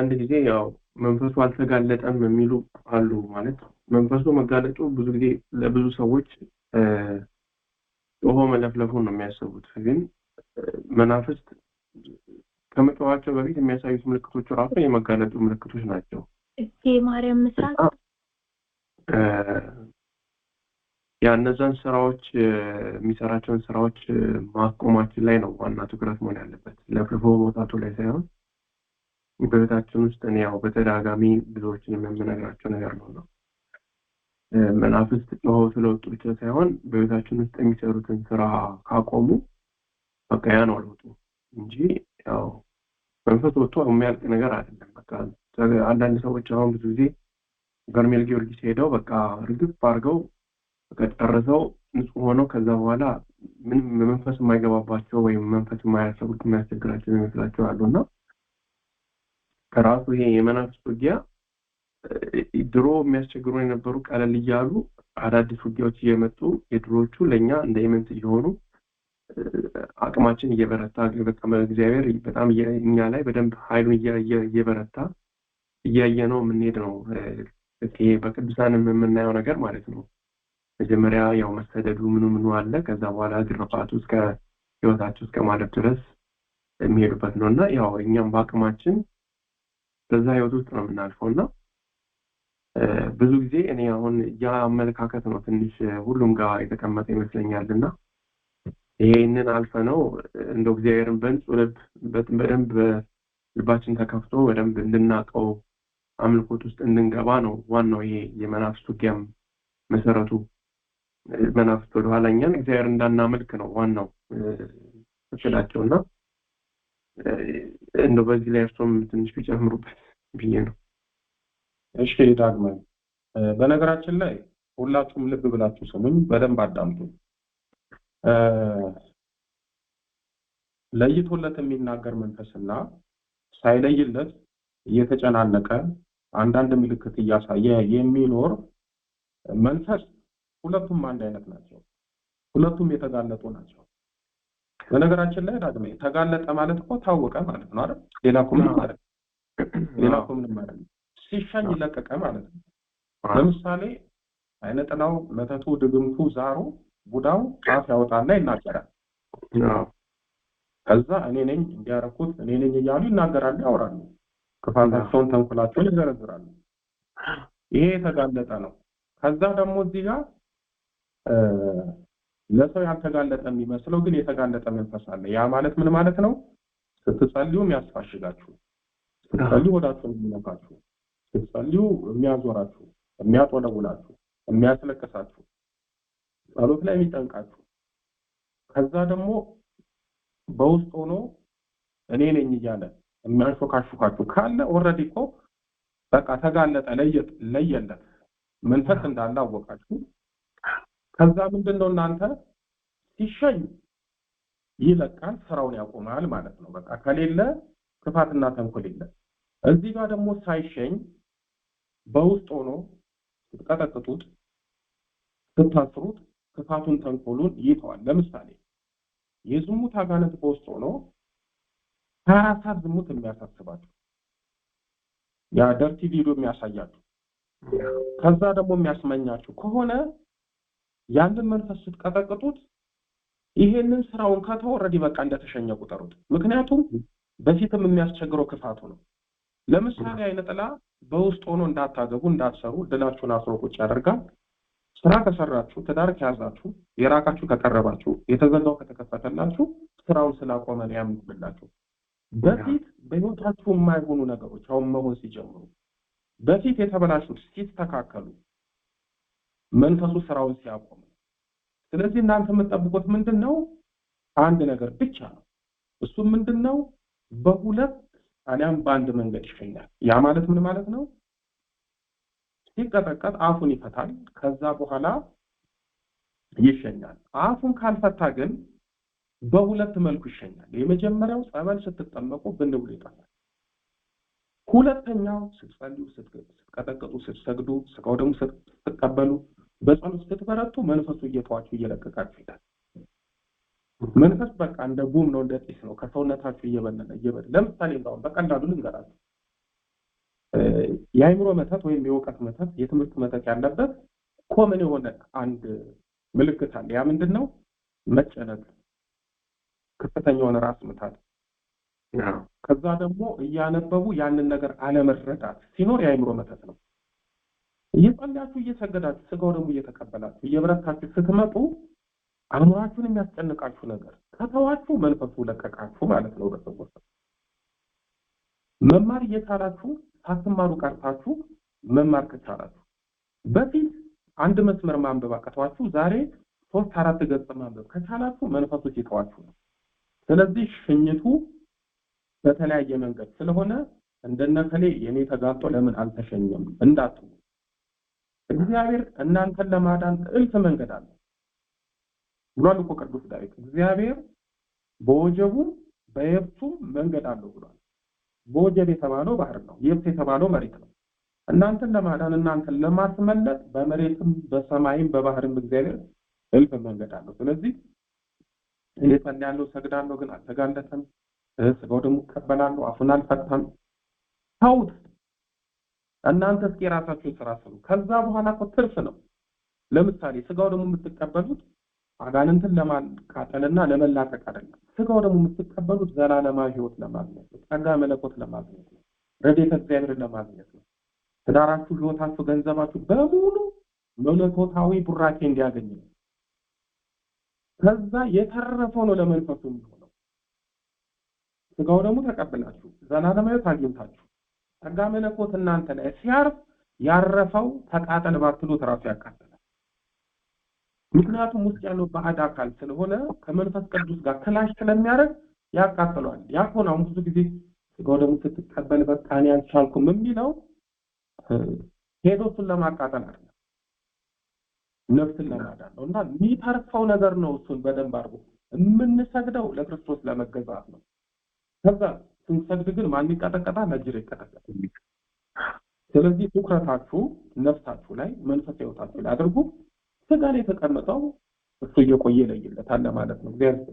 አንዳንድ ጊዜ ያው መንፈሱ አልተጋለጠም የሚሉ አሉ። ማለት መንፈሱ መጋለጡ ብዙ ጊዜ ለብዙ ሰዎች ጮሆ መለፍለፉን ነው የሚያስቡት። ግን መናፍስት ከመጮኋቸው በፊት የሚያሳዩት ምልክቶች ራሱ የመጋለጡ ምልክቶች ናቸው። ማርያም ምስራት ያ እነዛን ስራዎች የሚሰራቸውን ስራዎች ማቆማችን ላይ ነው ዋና ትኩረት መሆን ያለበት፣ ለፍልፎ መውጣቱ ላይ ሳይሆን በቤታችን ውስጥ እኔ ያው በተደጋጋሚ ብዙዎችን የምነግራቸው ነገር ነው ነው መናፍስት ጮኸው ስለወጡ ብቻ ሳይሆን በቤታችን ውስጥ የሚሰሩትን ስራ ካቆሙ በቃ ያ ነው አልወጡ እንጂ ያው መንፈስ ወጥቶ የሚያልቅ ነገር አይደለም። በቃ አንዳንድ ሰዎች አሁን ብዙ ጊዜ ገርሜል ጊዮርጊስ ሄደው በቃ እርግፍ አድርገው በቃ ጨርሰው ንጹህ ሆነው ከዛ በኋላ ምንም መንፈስ የማይገባባቸው ወይም መንፈስ የማያሰቡት የሚያስቸግራቸው የሚመስላቸው አሉ እና ራሱ ይሄ የመናፍስት ውጊያ ድሮ የሚያስቸግሩ የነበሩ ቀለል እያሉ አዳዲስ ውጊያዎች እየመጡ የድሮዎቹ ለእኛ እንደ ኢምንት እየሆኑ አቅማችን እየበረታ በጣም እግዚአብሔር በጣም እኛ ላይ በደንብ ኃይሉን እየበረታ እያየ ነው የምንሄድ ነው። ይሄ በቅዱሳንም የምናየው ነገር ማለት ነው። መጀመሪያ ያው መሰደዱ ምኑ ምኑ አለ። ከዛ በኋላ ግርፋቱ እስከ ህይወታቸው እስከ ማለፍ ድረስ የሚሄዱበት ነው እና ያው እኛም በአቅማችን በዛ ህይወት ውስጥ ነው የምናልፈው እና ብዙ ጊዜ እኔ አሁን ያ አመለካከት ነው ትንሽ ሁሉም ጋር የተቀመጠ ይመስለኛል እና ይሄንን አልፈ ነው እንደ እግዚአብሔርን በንጹ ልብ በደንብ ልባችን ተከፍቶ በደንብ እንድናቀው አምልኮት ውስጥ እንድንገባ ነው ዋናው ይሄ የመናፍስቱ ውጊያም መሰረቱ መናፍስት ወደኋላ እኛን እግዚአብሔር እንዳናመልክ ነው ዋናው እቅዳቸው እና እንደው በዚህ ላይ እርሶም ትንሽ ቢጨምሩበት ብዬ ነው። እሺ ዳግመን፣ በነገራችን ላይ ሁላችሁም ልብ ብላችሁ ስሙኝ፣ በደንብ አዳምጡ። ለይቶለት የሚናገር መንፈስና ሳይለይለት እየተጨናነቀ አንዳንድ ምልክት እያሳየ የሚኖር መንፈስ ሁለቱም አንድ አይነት ናቸው። ሁለቱም የተጋለጡ ናቸው። በነገራችን ላይ ዳግሜ ተጋለጠ ማለት እኮ ታወቀ ማለት ነው አይደል? ሌላ እኮ ምንም ማለት ነው። ሌላ እኮ ምንም ማለት ሲሻኝ ለቀቀ ማለት ነው። ለምሳሌ አይነ ጥላው፣ መተቱ፣ ድግምቱ፣ ዛሩ፣ ቡዳው ጣፍ ያወጣና ይናገራል። ከዛ እኔ ነኝ እንዲያረኩት እኔ ነኝ እያሉ ይናገራሉ፣ ያወራሉ፣ ክፋታቸውን፣ ተንኩላቸውን ይዘረዝራሉ። ይሄ የተጋለጠ ነው። ከዛ ደግሞ እዚህ ጋር ለሰው ያልተጋለጠ የሚመስለው ግን የተጋለጠ መንፈስ አለ። ያ ማለት ምን ማለት ነው? ስትጸልዩ የሚያስፋሽጋችሁ፣ ስትጸልዩ ወዳችሁ የሚነካችሁ፣ ስትጸልዩ የሚያዞራችሁ፣ የሚያጦለውላችሁ፣ የሚያስለቅሳችሁ፣ ጸሎት ላይ የሚጠንቃችሁ ከዛ ደግሞ በውስጥ ሆኖ እኔ ነኝ እያለ የሚያንሾካሹካችሁ ካለ ኦልሬዲ እኮ በቃ ተጋለጠ፣ ለየለት መንፈስ እንዳለ አወቃችሁ። ከዛ ምንድን ነው እናንተ ሲሸኝ ይለቃል፣ ስራውን ያቆማል ማለት ነው። በቃ ከሌለ ክፋትና ተንኮል የለ። እዚህ ጋር ደግሞ ሳይሸኝ በውስጥ ሆኖ ስትቀጠቅጡት፣ ስታስሩት ክፋቱን ተንኮሉን ይተዋል። ለምሳሌ የዝሙት አጋንንት በውስጥ ሆኖ ሀያ ዝሙት የሚያሳስባችሁ ያ ደርቲ ቪዲዮ የሚያሳያችሁ ከዛ ደግሞ የሚያስመኛችሁ ከሆነ ያንን መንፈስ ስትቀጠቅጡት ይሄንን ስራውን ከተወ በቃ እንደተሸኘ ቁጠሩት። ምክንያቱም በፊትም የሚያስቸግረው ክፋቱ ነው። ለምሳሌ አይነ ጥላ በውስጥ ሆኖ እንዳታገቡ እንዳትሰሩ ድላችሁን አስሮ ቁጭ ያደርጋል። ስራ ከሰራችሁ፣ ትዳር ከያዛችሁ፣ የራቃችሁ ከቀረባችሁ፣ የተዘጋው ከተከፈተላችሁ ስራውን ስላቆመ ነው ያምኑብላችሁ። በፊት በህይወታችሁ የማይሆኑ ነገሮች አሁን መሆን ሲጀምሩ በፊት የተበላሹት ሲስተካከሉ መንፈሱ ስራውን ሲያቆም ነው። ስለዚህ እናንተ የምትጠብቁት ምንድን ነው? አንድ ነገር ብቻ ነው። እሱም ምንድን ነው? በሁለት አሊያም በአንድ መንገድ ይሸኛል። ያ ማለት ምን ማለት ነው? ሲቀጠቀጥ አፉን ይፈታል። ከዛ በኋላ ይሸኛል። አፉን ካልፈታ ግን በሁለት መልኩ ይሸኛል። የመጀመሪያው ጸበል ስትጠመቁ ብን ብሎ ይጠፋል። ሁለተኛው ስትጸልዩ፣ ስትቀጠቀጡ ስትሰግዱ፣ ስጋው ደግሞ ስትቀበሉ በጸሎት ስትበረቱ መንፈሱ እየተዋችሁ እየለቀቃችሁ ይላል። መንፈስ በቃ እንደ ጉም ነው፣ እንደ ጢስ ነው። ከሰውነታችሁ እየበለለ እየበለ ለምሳሌ ዛሁን በቀላሉ ልንገራችሁ። የአይምሮ መተት ወይም የእውቀት መተት፣ የትምህርት መተት ያለበት ኮመን የሆነ አንድ ምልክት አለ። ያ ምንድን ነው? መጨነቅ፣ ከፍተኛ የሆነ ራስ ምታት፣ ከዛ ደግሞ እያነበቡ ያንን ነገር አለመረዳት ሲኖር የአይምሮ መተት ነው። እየጸለያችሁ እየሰገዳችሁ ስጋው ደግሞ እየተቀበላችሁ እየበረታችሁ ስትመጡ አእምሯችሁን የሚያስጨንቃችሁ ነገር ከተዋችሁ መንፈሱ ለቀቃችሁ ማለት ነው። በሰዎች መማር እየቻላችሁ ሳትማሩ ቀርታችሁ መማር ከቻላችሁ በፊት አንድ መስመር ማንበብ አቅቷችሁ ዛሬ ሶስት አራት ገጽ ማንበብ ከቻላችሁ መንፈሱ ሲተዋችሁ ነው። ስለዚህ ሽኝቱ በተለያየ መንገድ ስለሆነ እንደነከሌ የኔ ተጋጦ ለምን አልተሸኘም እንዳትሉ እግዚአብሔር እናንተን ለማዳን እልፍ መንገድ አለ ብሏል እኮ ቅዱስ ዳዊት። እግዚአብሔር በወጀቡ በየብሱ መንገድ አለው ብሏል። በወጀብ የተባለው ባህር ነው፣ የብስ የተባለው መሬት ነው። እናንተን ለማዳን እናንተን ለማስመለጥ በመሬትም በሰማይም በባህርም እግዚአብሔር እልፍ መንገድ አለው። ስለዚህ እኔ ጸልያለሁ፣ ሰግዳለሁ፣ ግን አልተጋለጠም። ስጋው ደግሞ እቀበላለሁ፣ አፉን አልፈታም። ተውት እናንተ እስኪ የራሳችሁን ስራ ስሩ። ከዛ በኋላ እኮ ትርፍ ነው። ለምሳሌ ስጋው ደግሞ የምትቀበሉት አጋንንትን ለማቃጠልና ለመላቀቅ አይደለም። ስጋው ደግሞ የምትቀበሉት ዘላለማዊ ህይወት ለማግኘት ነው። ጸጋ መለኮት ለማግኘት ነው። ረድኤተ ለማግኘት ነው። ትዳራችሁ፣ ገንዘባችሁ በሙሉ መለኮታዊ ቡራኬ እንዲያገኝ ነው። ከዛ የተረፈው ነው ለመንፈሱ የሚሆነው። ስጋው ደግሞ ተቀብላችሁ ዘላለማዊ ህይወት አግኝታችሁ ጸጋ መለኮት እናንተ ላይ ሲያርፍ ያረፈው ተቃጠል ባትሉት ራሱ ያቃጥላል። ምክንያቱም ውስጥ ያለው ባዕድ አካል ስለሆነ ከመንፈስ ቅዱስ ጋር ክላሽ ስለሚያደርግ ያቃጥለዋል። ያኮን አሁን ብዙ ጊዜ ስጋው ደግሞ ስትቀበል በቃ እኔ አልቻልኩም የሚለው ሄዶ እሱን ለማቃጠል አለ ነፍስን ለማዳን ነው እና የሚተርፈው ነገር ነው። እሱን በደንብ አድርጎ የምንሰግደው ለክርስቶስ ለመገዛት ነው ከዛ ስንሰግድ ግን ማን ይቀጠቀጣል? አጅር ይቀጠቀጣል። ስለዚህ ትኩረታችሁ ነፍሳችሁ ላይ መንፈስ ሕይወታችሁ ላይ አድርጉ። ስጋ ላይ የተቀመጠው እሱ እየቆየ ይለይለታል ማለት ነው። እግዚአብሔር